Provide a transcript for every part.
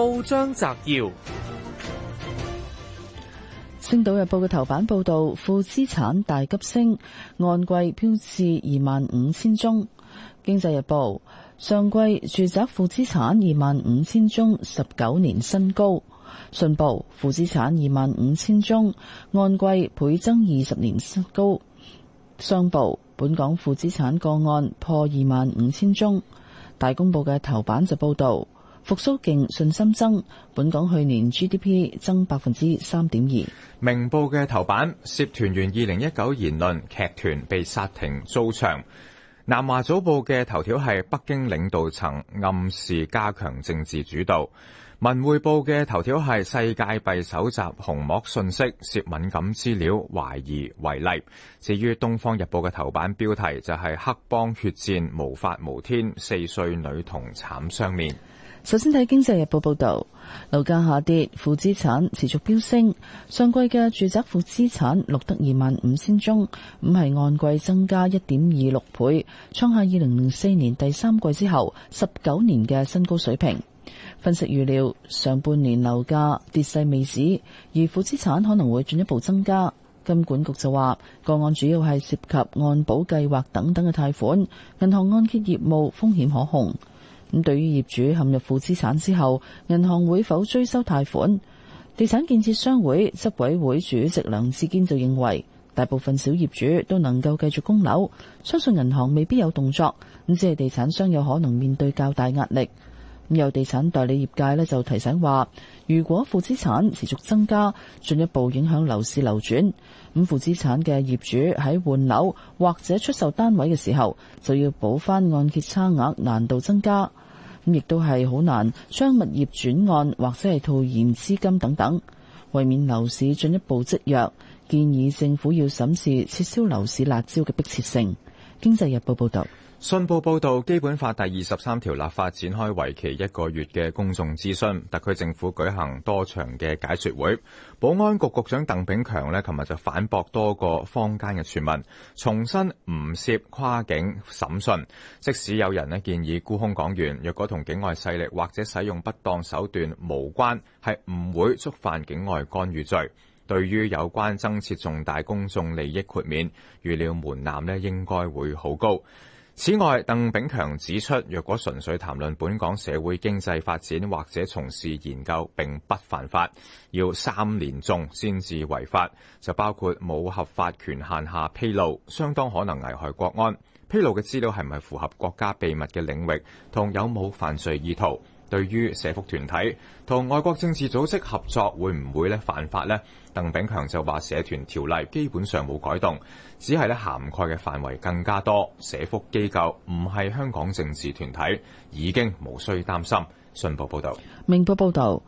報章摘要，《星島日報》嘅頭版報道，負資產大急升，按季飆至二萬五千宗。《經濟日報》上季住宅負資產二萬五千宗，十九年新高。信報負資產二萬五千宗，按季倍增二十年新高。商報本港負資產個案破二萬五千宗。大公報嘅頭版就報道。復蘇勁，信心增。本港去年 GDP 增百分之三點二。明報嘅頭版涉團員二零一九言論，劇團被殺停租場。南華早報嘅頭條係北京領導層暗示加強政治主導。文匯報嘅頭條係世界幣搜集紅幕信息涉敏感資料，懷疑違例。至於東方日報嘅頭版標題就係、是、黑幫血戰，無法無天，四歲女童慘相面。首先睇《經濟日報》報導，樓價下跌，負資產持續飆升。上季嘅住宅負資產錄得二萬五千宗，唔係按季增加一點二六倍，創下二零零四年第三季之後十九年嘅新高水平。分析預料，上半年樓價跌勢未止，而負資產可能會進一步增加。金管局就話，個案主要係涉及按保計劃等等嘅貸款，銀行按揭業務風險可控。咁，對於業主陷入負資產之後，銀行會否追收貸款？地產建設商會執委會主席梁志堅就認為，大部分小業主都能夠繼續供樓，相信銀行未必有動作。咁只係地產商有可能面對較大壓力。咁有地產代理業界呢就提醒話，如果負資產持續增加，進一步影響樓市流轉，咁負資產嘅業主喺換樓或者出售單位嘅時候，就要補翻按揭差額，難度增加。亦都係好難將物業轉按或者係套現資金等等，為免樓市進一步積弱，建議政府要審視撤銷樓市辣招嘅迫切性。經濟日報報道。信報報道，《基本法》第二十三條立法展開為期一個月嘅公眾諮詢，特區政府舉行多場嘅解說會。保安局局長鄧炳強呢，琴日就反駁多個坊間嘅傳聞，重申唔涉跨境審訊。即使有人建議沽空港元，若果同境外勢力或者使用不當手段無關，係唔會觸犯境外干預罪。對於有關增設重大公眾利益豁免，預料門檻呢應該會好高。此外，鄧炳強指出，若果純粹談論本港社會經濟發展，或者從事研究並不犯法，要三年中先至違法，就包括冇合法權限下披露，相當可能危害國安。披露嘅資料係唔係符合國家秘密嘅領域，同有冇犯罪意圖。對於社福團體同外國政治組織合作會唔會咧犯法呢？鄧炳強就話社團條例基本上冇改動，只係咧涵蓋嘅範圍更加多，社福機構唔係香港政治團體，已經無需擔心。信報報導，明報報導，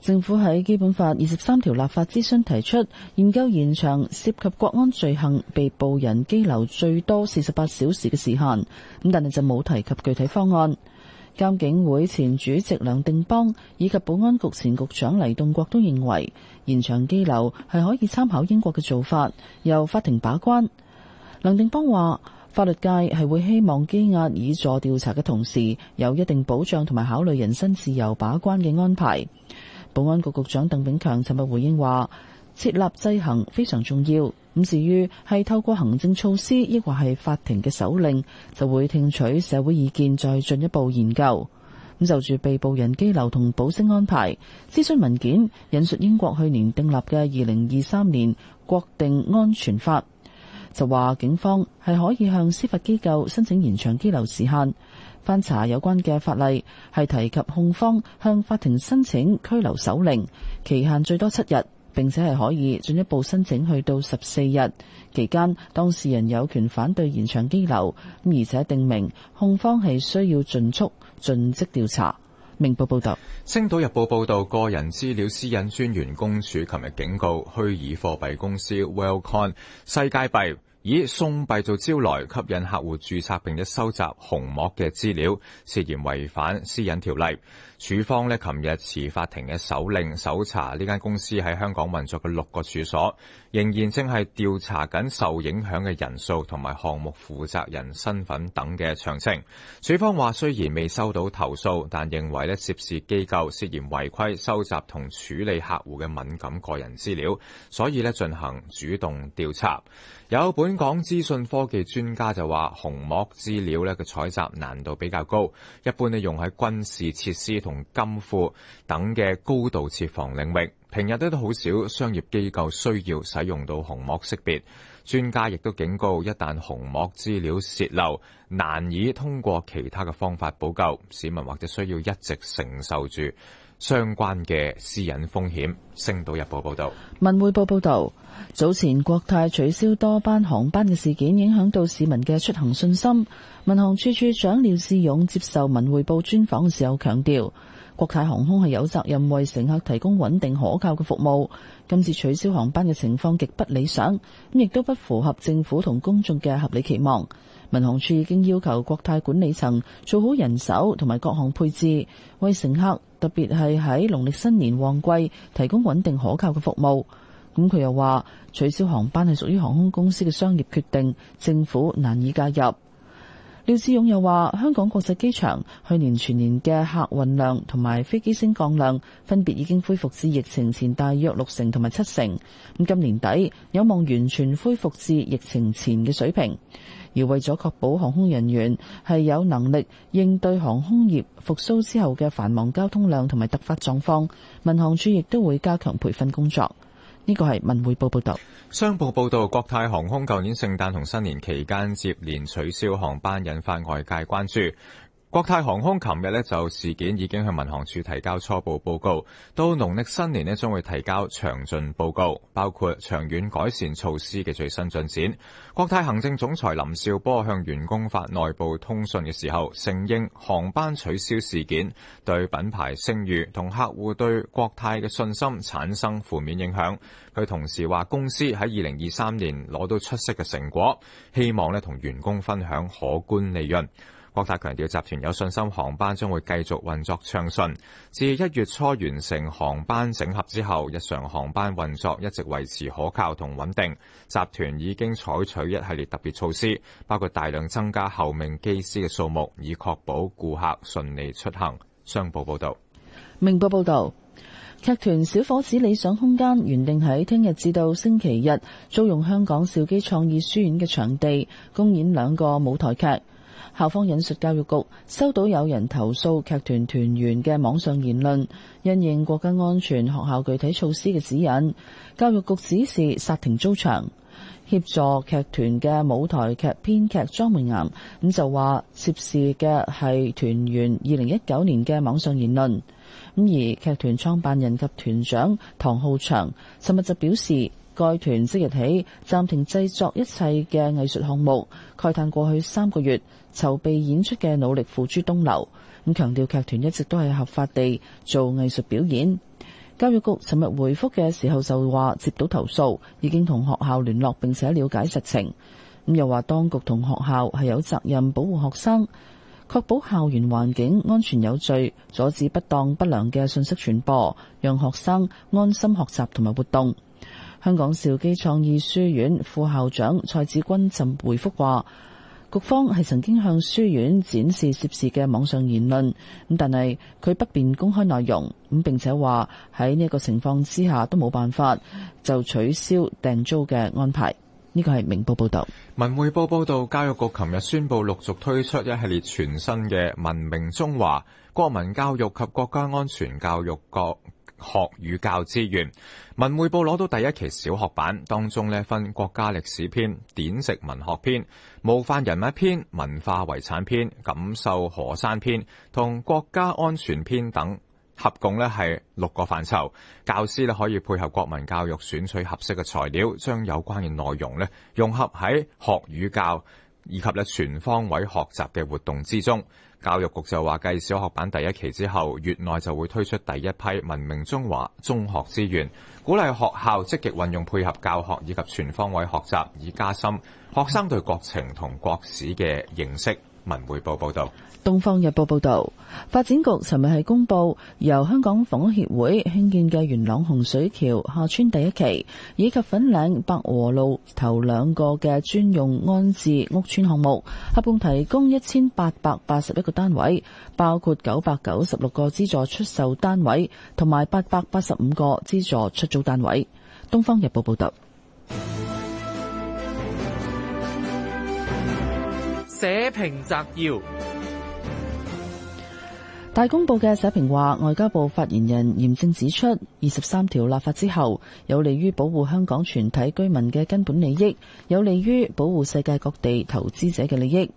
政府喺基本法二十三條立法諮詢提出研究延長涉及國安罪行被捕人拘留最多四十八小時嘅時限，咁但係就冇提及具體方案。監警會前主席梁定邦以及保安局前局長黎棟國都認為，延長羈留係可以參考英國嘅做法，由法庭把關。梁定邦話：法律界係會希望羈押以助調查嘅同時，有一定保障同埋考慮人身自由把關嘅安排。保安局局長鄧炳強尋日回應話：設立制衡非常重要。咁至於係透過行政措施，亦或係法庭嘅手令，就會聽取社會意見再進一步研究。咁就住被捕人拘留同保釋安排諮詢文件，引述英國去年訂立嘅二零二三年國定安全法，就話警方係可以向司法機構申請延長拘留時限。翻查有關嘅法例係提及控方向法庭申請拘留手令，期限最多七日。並且係可以進一步申請去到十四日，期間，當事人有權反對延長拘留，而且定明控方係需要盡速盡職調查。明報報導，《星島日報》報導，個人資料私隱專員公署琴日警告虛擬貨幣公司 Worldcoin 世界幣。以送幣做招來，吸引客戶註冊，並且收集虹膜嘅資料，涉嫌違反私隱條例。署方呢，琴日持法庭嘅搜令，搜查呢間公司喺香港運作嘅六個處所。仍然正係調查緊受影響嘅人數同埋項目負責人身份等嘅詳情。署方話雖然未收到投訴，但認為咧涉事機構涉嫌違規收集同處理客戶嘅敏感個人資料，所以咧進行主動調查。有本港資訊科技專家就話，虹膜資料咧嘅採集難度比較高，一般咧用喺軍事設施同金庫等嘅高度設防領域。平日都都好少，商業機構需要使用到虹膜識別。專家亦都警告，一旦虹膜資料洩漏，難以通過其他嘅方法補救。市民或者需要一直承受住相關嘅私隱風險。星島日報報道。文匯報報道，早前國泰取消多班航班嘅事件，影響到市民嘅出行信心。民航處處長廖志勇接受文匯報專訪嘅時候強調，國泰航空係有責任為乘客提供穩定可靠嘅服務。今次取消航班嘅情況極不理想，咁亦都不符合政府同公眾嘅合理期望。民航處已經要求國泰管理層做好人手同埋各項配置，為乘客特別係喺農曆新年旺季提供穩定可靠嘅服務。咁佢又話，取消航班係屬於航空公司嘅商業決定，政府難以介入。廖志勇又話：香港國際機場去年全年嘅客運量同埋飛機升降量分別已經恢復至疫情前大約六成同埋七成。咁今年底有望完全恢復至疫情前嘅水平。而為咗確保航空人員係有能力應對航空業復甦之後嘅繁忙交通量同埋突發狀況，民航處亦都會加強培訓工作。呢個係文匯報報導。商報報導，國泰航空舊年聖誕同新年期間接連取消航班，引發外界關注。國泰航空琴日呢就事件已經向民航處提交初步報告，到農曆新年呢將會提交詳盡報告，包括長遠改善措施嘅最新進展。國泰行政總裁林紹波向員工發內部通訊嘅時候承認，航班取消事件對品牌聲譽同客戶對國泰嘅信心產生負面影響。佢同時話公司喺二零二三年攞到出色嘅成果，希望呢同員工分享可觀利潤。國泰強調，集團有信心航班將會繼續運作暢順。自一月初完成航班整合之後，日常航班運作一直維持可靠同穩定。集團已經採取一系列特別措施，包括大量增加候命機師嘅數目，以確保顧客順利出行。商報報道：明報報道，劇團《小伙子理想空間》原定喺聽日至到星期日租用香港兆基創意書院嘅場地公演兩個舞台劇。校方引述教育局收到有人投訴劇團團員嘅網上言論，因應國家安全學校具體措施嘅指引，教育局指示煞停租場，協助劇團嘅舞台劇編劇莊美岩，咁就話涉事嘅係團員二零一九年嘅網上言論，咁而劇團創辦人及團長唐浩祥，尋日就表示。該團即日起暫停製作一切嘅藝術項目，慨嘆過去三個月籌備演出嘅努力付諸東流。咁強調劇團一直都係合法地做藝術表演。教育局尋日回覆嘅時候就話接到投訴，已經同學校聯絡，並且了解實情。咁又話當局同學校係有責任保護學生，確保校園環境安全有序，阻止不當不良嘅信息傳播，讓學生安心學習同埋活動。香港兆基創意書院副校長蔡志君曾回覆話：局方係曾經向書院展示涉事嘅網上言論，咁但係佢不便公開內容，咁並且話喺呢個情況之下都冇辦法就取消訂租嘅安排。呢個係明報報道。文匯報報道：教育局琴日宣布陸續推出一系列全新嘅文明中華、國民教育及國家安全教育局。學與教資源，文匯報攞到第一期小學版，當中分國家歷史篇、典籍文學篇、模範人物篇、文化遺產篇、感受河山篇同國家安全篇等，合共咧係六個範疇。教師可以配合國民教育選取合適嘅材料，將有關嘅內容融合喺學與教以及咧全方位學習嘅活動之中。教育局就話，繼小學版第一期之後，月內就會推出第一批《文明中華》中學資源，鼓勵學校積極運用配合教學以及全方位學習，以加深學生對國情同國史嘅認識。文匯報報道，東方日報報道，發展局尋日係公布，由香港房屋協會興建嘅元朗洪水橋廈村第一期，以及粉嶺百和路頭兩個嘅專用安置屋邨項目，合共提供一千八百八十一個單位，包括九百九十六個資助出售單位，同埋八百八十五個資助出租單位。東方日報報道。社評摘要，大公報嘅社評話，外交部發言人嚴正指出，二十三條立法之後，有利於保護香港全體居民嘅根本利益，有利於保護世界各地投資者嘅利益。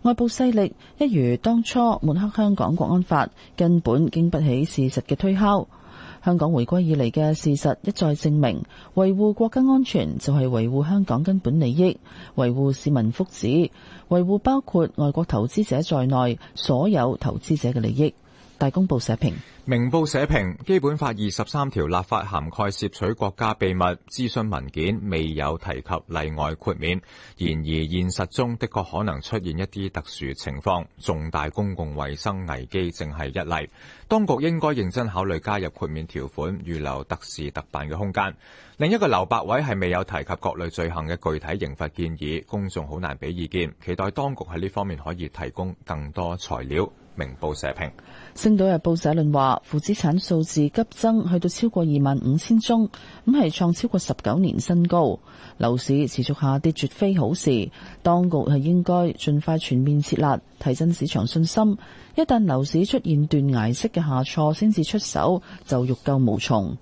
外部勢力一如當初抹黑香港國安法，根本經不起事實嘅推敲。香港回歸以嚟嘅事實一再證明，維護國家安全就係維護香港根本利益，維護市民福祉，維護包括外國投資者在內所有投資者嘅利益。大公報社評，明報社評，《基本法》二十三條立法涵蓋竊取國家秘密、諮詢文件，未有提及例外豁免。然而，現實中的確可能出現一啲特殊情況，重大公共衛生危機正係一例。當局應該認真考慮加入豁免條款，預留特事特辦嘅空間。另一個劉百偉係未有提及各類罪行嘅具體刑罰建議，公眾好難俾意見。期待當局喺呢方面可以提供更多材料。明報社評，《星島日報社論》話：負資產數字急增，去到超過二萬五千宗，咁係創超過十九年新高。樓市持續下跌，絕非好事。當局係應該盡快全面設立，提振市場信心。一旦樓市出現斷崖式嘅下挫，先至出手就欲救無從。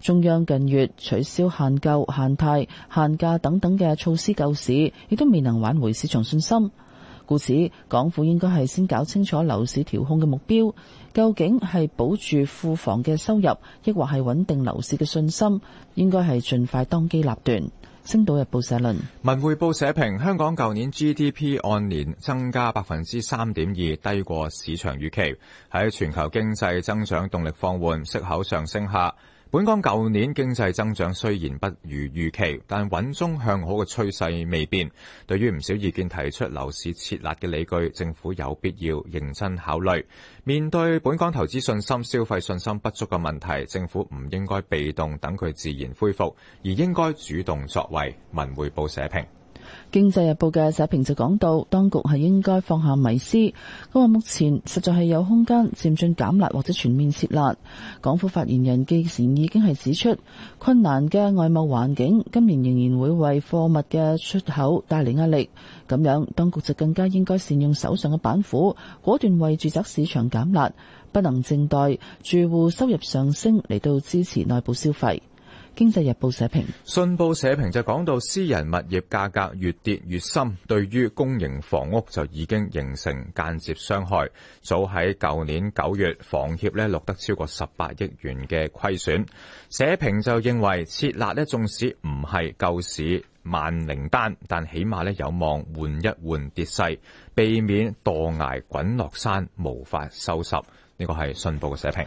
中央近月取消限購、限貸、限價等等嘅措施救市，亦都未能挽回市場信心。故此，港府應該係先搞清楚樓市調控嘅目標，究竟係保住庫房嘅收入，抑或係穩定樓市嘅信心，應該係盡快當機立斷。星島日報社論，文匯報社評：香港舊年 GDP 按年增加百分之三點二，低過市場預期。喺全球經濟增長動力放緩、息口上升下。本港舊年經濟增長雖然不如預期，但穩中向好嘅趨勢未變。對於唔少意見提出樓市撤辣嘅理據，政府有必要認真考慮。面對本港投資信心、消費信心不足嘅問題，政府唔應該被動等佢自然恢復，而應該主動作為。文匯報社評。經濟日報嘅社評就講到，當局係應該放下迷思，佢話目前實在係有空間漸進減辣或者全面撤辣。港府發言人既然已經係指出，困難嘅外貿環境今年仍然會為貨物嘅出口帶嚟壓力，咁樣當局就更加應該善用手上嘅板斧，果斷為住宅市場減辣，不能靜待住戶收入上升嚟到支持內部消費。經濟日報社評，信報社評就講到私人物業價格越跌越深，對於公營房屋就已經形成間接傷害。早喺舊年九月，房協咧錄得超過十八億元嘅虧損。社評就認為，設立縱使唔係救市萬靈丹，但起碼咧有望緩一緩跌勢，避免墮崖滾落山，無法收拾。呢、呢個係信報嘅社評。